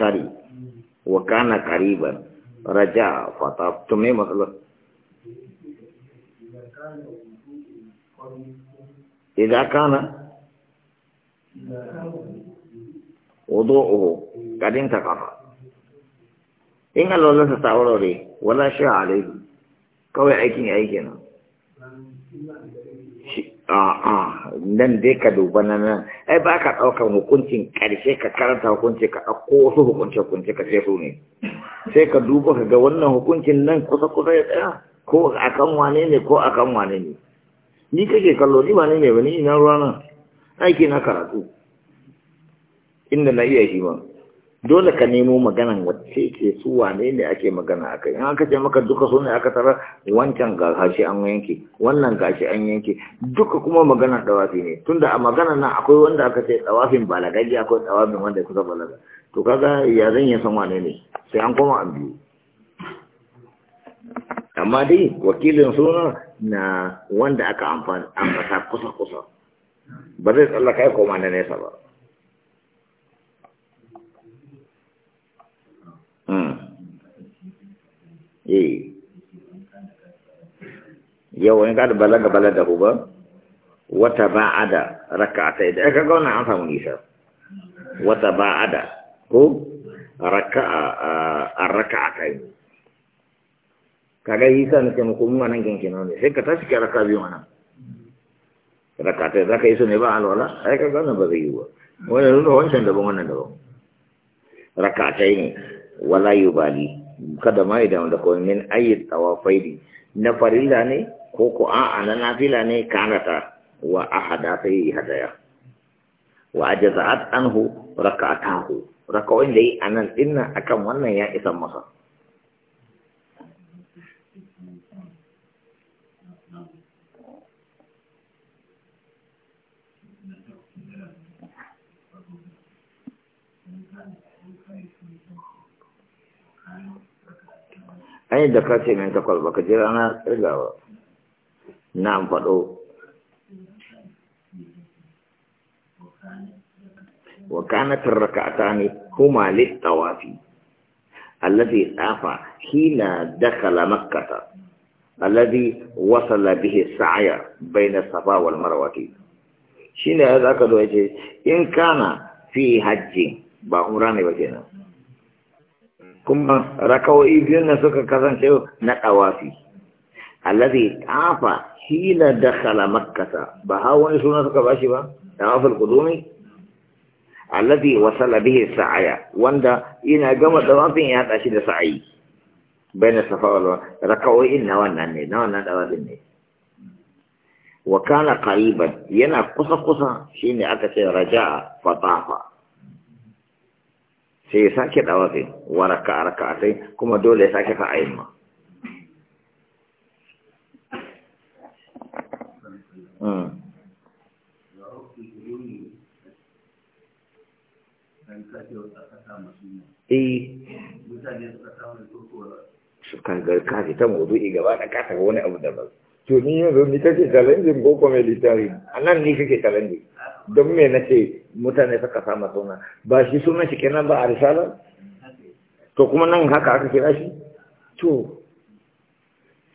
akari wa kana qariban raja fatabtu min mahlak idza kana wudu'uhu qadin taqafa in allahu la ta'awuri wala sha'ali kawai aikin aikin na a'a nan dai ka duba nan nan ai ba ka ɗaukar hukuncin ƙarshe ka karanta hukunci ka ɗauko wasu hukunce hukunce ka sai ne sai ka duba ka ga wannan hukuncin nan kusa kusa ya tsaya ko a kan wane ne ko a kan wane ne ni kake kallo ni ba ne ne ba ina ruwa nan aiki na karatu inda na iya shi ba dole ka nemo maganan wacce ke su wane ne ake magana a kai in aka ce maka duka su ne aka tara wancan ga hashi an yanke wannan gashi an yanke duka kuma magana dawafi ne tunda a magana nan akwai wanda aka ce dawafin balagaji akwai dawafin wanda kusa balaga to kaga ya zan yi san wane ne sai an koma an biyu amma dai wakilin suna na wanda aka amfani ambata kusa-kusa ba zai tsallaka ya koma na nesa ba Hmm. eh yau in ka da balaga balaga ku ba wata ba'ada raka'ata idan eh, ka ga wannan an samu nisa wata ba'ada ko raka'a ar-raka'atayn kaga yisa ke muku mun nan ginkin ne sai ka tashi ka raka biyu wannan raka'atai zaka yi su ne ba alwala ai ga wannan ba zai yi ba wannan nuna wancan daban wannan daban raka'atai ne wala yubali kada ma idan da ko min ayi tawafaidi na farilla ne ko ko a na nafila ne kanata wa ahada sai hadaya wa ajza'at anhu raka'atahu raka'un da yi anan dinna akan wannan ya isan masa أي دكاتره من تقول بكتير أنا لا نعم فلو وكانت الركعتان هما للطواف الذي آفى حين دخل مكة الذي وصل به السعي بين الصفا والمروة شنو هذا كدوجي إن كان في حج بعمران بجنا kuma rakawai biyun na suka kasance na ɗawafi allazi tafa hila dakhala makkata ba ha wani suna suka bashi ba tawaful qudumi allazi wasala bihi sa'aya wanda ina gama tawafin ya hada shi da sa'ayi baina safa wal rakawai na wannan ne na wannan tawafin ne wa kana qariban yana kusa kusa shine aka ce raja'a fatafa sai ya sake dawafi waraka sai kuma dole ya sake fa'ayin ma ce ta mazu'i gaba da wani abu ni yanzu ni kake challenging ko kuma military a nan ni kake challenging don me na ce mutane suka sama suna ba shi suna shi kenan ba a risala to kuma nan haka aka kira shi to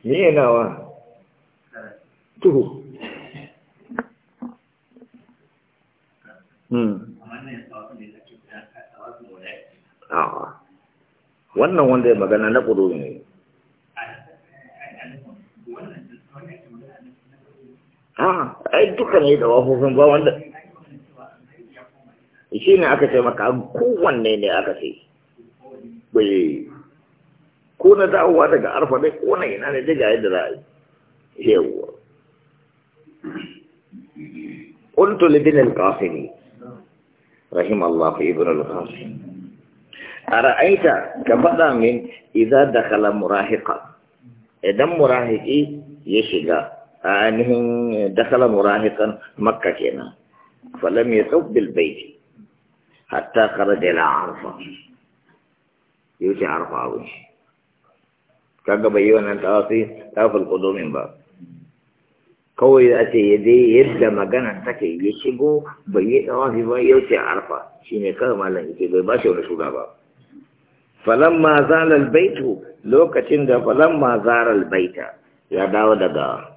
ni yana wa to hmm. wannan wanda ya magana na ƙudu ne a ai duka ne da wafofin ba wanda mecece ne aka ce maka kowanne ne aka ce bai ko na dawowa daga arfa dai ko na ina ne daga yadda za a yi yawwa ƙuntu libinin ƙafi ne rahim Allah ku ibn al-Qasim a ra'aita ka faɗa min idan da kala murahika idan murahiki ya shiga ainihin dakalar murahikan makka kenan falam ya tsaubil baiti hatta kharaja ila arfa yace arfa abu kaga bai yi wannan tawafi tawaful qudumin ba kawai a ce ya dai yadda magana take ya shigo bai yi tawafi ba yace arfa shine kawai malam yake bai bashi wani shuga ba falamma zalal baitu lokacin da falamma zaral baita ya dawo daga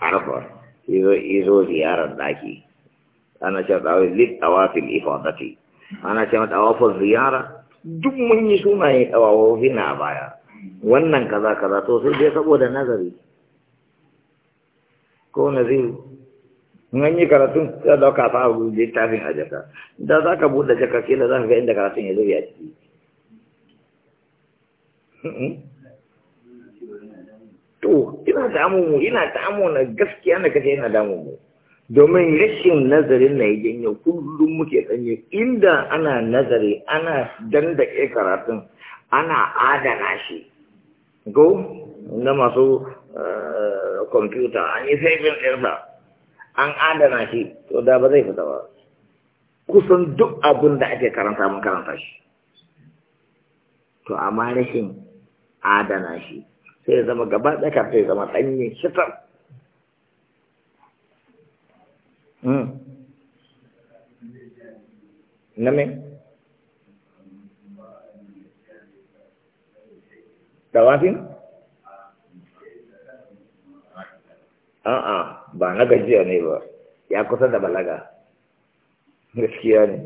arfa izo ziyarar daki ana cewa tsawon lit tawafin ifadati ana cewa tawafin ziyara duk mun yi sunaye tawawofi na baya wannan kaza kaza to sai dai saboda nazari ko naziru an yi karatun ya dauka fa abu littafin a jaka da za ka buɗe jaka ke da za ka ga inda karatun ya zo ya ciki to ina damu mu ina damu na gaskiya na kace ina damu mu domin rashin nazarin na yi janyo kullum muke ɗanye, inda ana nazari ana dandaƙe karatun ana adana shi go na masu eh, kwamfuta an yi saifin ɗinsa an adana shi to da ba zai fita ba kusan duk abin da ake karanta mun karanta shi to amma rashin adana shi sai zama gaba ɗaya sai zama ɗanye shitar Hmm. Nami? me tawafin a'a ba na gajiya ne ba ya kusa da balaga gaskiya ne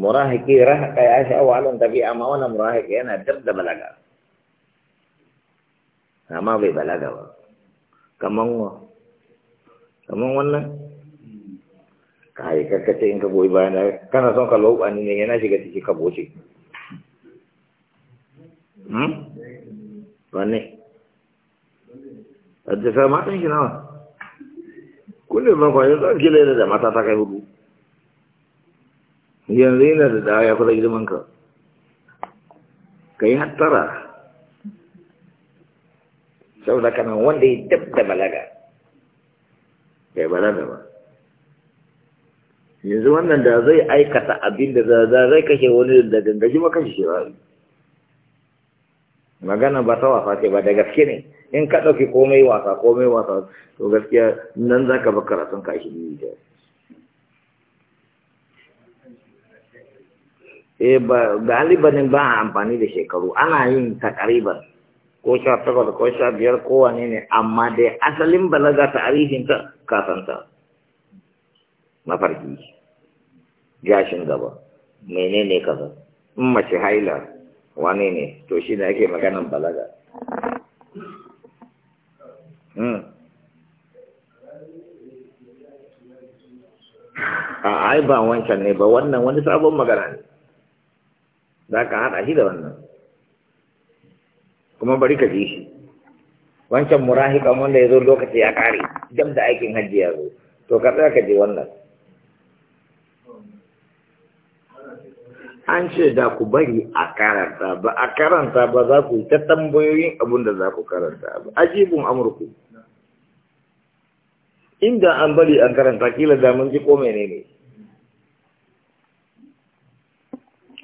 murahiki rahaka ya sha wahalan tafiya amma wannan murahiki yana dab da balaga amma bai balaga ba kaman kaman wannan kai kakkace in ka goyi bayan kana son ka lauba ni ne yana shiga ciki ka boce hmm? wanne haddasa matan shi nawa kullum ma kwayo zan kila da mata ta kai hudu yanzu yana da dawa ya kusa girman ka ka yi hattara saboda kanan wanda ya dab da balaga bai balaga ba yanzu wannan da zai aikata abin da zai kashe wani da gangaji makashi shi rari magana ba ta wasa ce ba da gaske ne in ka ɗauki komai wasa komai wasa to gaskiya nan za ka bakara sun kashi biyu da eh, ba galibanin ba a amfani da shekaru ana yin ƙariban ko sha takwas ko sha biyar kowane ne amma dai asalin balaga ta arihinta kasanta mafarki gashin gaba menene kaza in mace haila wane ne to shi ne ake maganan balaga hmm. a ai ba wancan ne ba wannan wani sabon magana ne za ka haɗa shi da wannan kuma bari ka ji shi wancan murahikan wanda ya zo lokaci ya ƙare jam da aikin hajji ya zo to ka tsaya ka je wannan an ce da ku bari a karanta ba a karanta ba za ku yi ta tambayoyin abin da za ku karanta ba ajibin amurku inda an bari an karanta kila da mun ji ko menene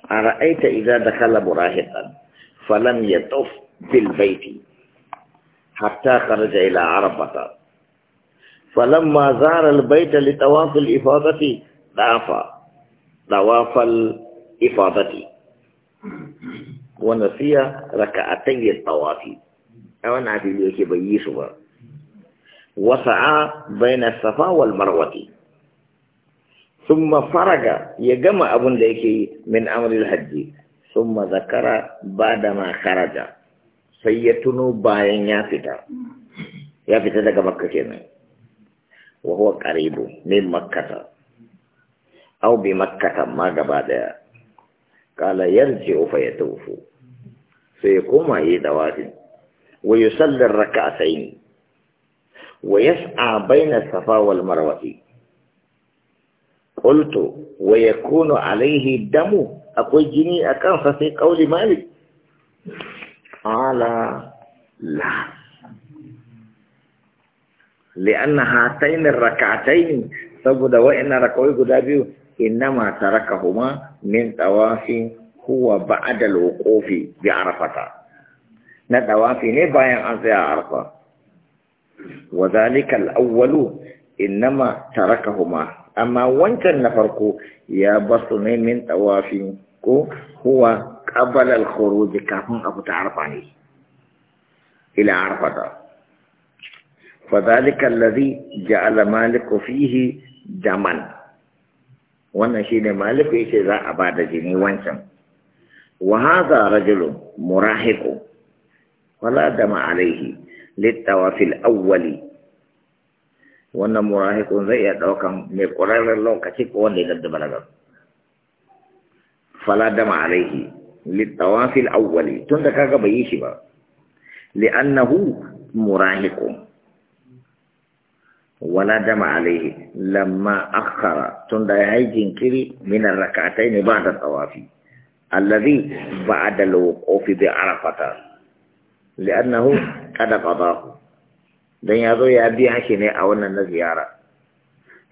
a ra'aita idza dakala burahiqan falam yatuf bil baiti hatta kharaja ila falam ma zara al baita li tawaf al ifadati dafa tawaf ifadati wa nasiya raka'atay at-tawafi a wannan yake bai yi su ba wa sa'a baina safa wal marwa thumma faraga ya gama abun da yake yi min amril hajji thumma zakara bada ma kharaja sai ya tuno bayan ya fita ya fita daga makka kenan wa huwa qaribu min makka aw bi makka ma gaba daya kala yarji fa ya tofu sai ya koma yi dawafin wa yusallar raka'atayn wa yas'a baina safa wal marwa qultu wa yakunu alayhi damu akwai jini akan sa sai kauli malik qala la لأن هاتين الركعتين saboda wa'annan rakawai guda biyu innama tarakahuma min tawafi huwa ba'da al-wuqufi bi arafata na tawafi ne bayan an tsaya a arafa wa zalika al-awwal taraka tarakahuma amma wancan na farko ya basu ne min tawafi ko huwa qabala al-khuruj kafin abu ta arafa ne ila arafata fa zalika alladhi ja'ala maliku fihi jamana wannan shi ne maliku ce za a bada jini wancan wa hadha rajulun murahiqu wala dama alaihi littawafi al-awwali wannan murahikun zai iya daukan mai ƙwararren lokaci ko wanda ya daddaba daga fala dama alaihi littawafi al tun tunda kaga bai yi shi ba li'annahu murahikun wala dama alaihi lamma akhara tunda ya yi jinkiri min rakatai ne ba alladhi tsawafi ba'da al-wuqufi bi arafata li'annahu qad qada dan ya zo ya biya shi ne a wannan na ziyara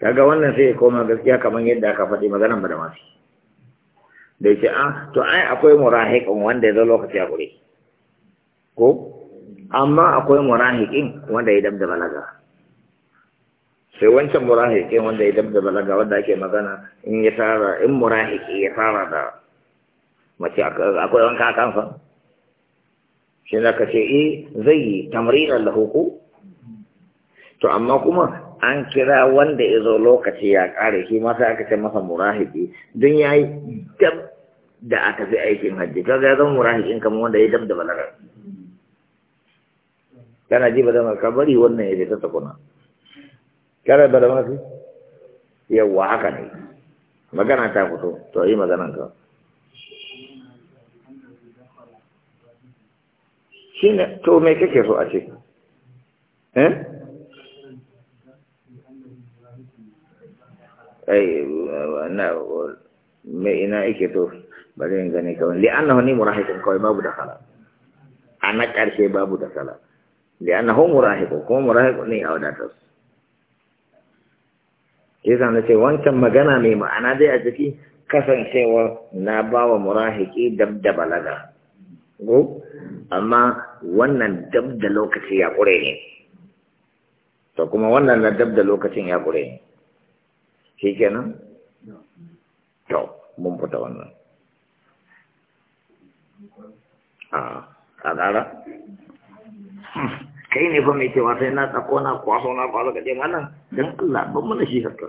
kaga wannan sai ya koma gaskiya kaman yadda aka faɗi maganar ba da masu da yake a ah, to ai akwai murahiqin wanda ya zo lokaci a gure ko amma akwai murahiqin wanda ya dam da balaga sai wancan murahikin wanda ya dabda balaga wanda ake magana in ya tara in murahiki ya tara da mace akwai wanka fa shi na ka ce e zai yi da lahuku to amma kuma an kira wanda ya zo lokaci ya kare shi masa aka ce masa murahiki don ya yi dab da aka fi aikin hajji kaga ya zama murahikin kamar wanda ya dab da balaga kana ji ba zama ka wannan ya ta tsakuna kare da mafi yawa haka ne magana ta fito to yi maganan ka shine to me kake so a ce eh? ai na me ina yake to bari in gane kawai li'annahu ni murahiqun kawai babu da kala ana karshe babu da kala li'annahu murahiqun kuma murahiqun ne a wadatarsu yasa na ce wancan magana mai ma'ana dai a jiki kasancewa na ba wa murahiki dab da balaga go amma wannan dab da lokaci ya ƙure ne to kuma wannan na dab da lokacin ya ƙure ne shi kenan to mun fita wannan ah, a ƙara hmm. kai ne fa mai cewa sai na tsako kwaso na kwaso ka ce malam dan Allah ban mana shi haka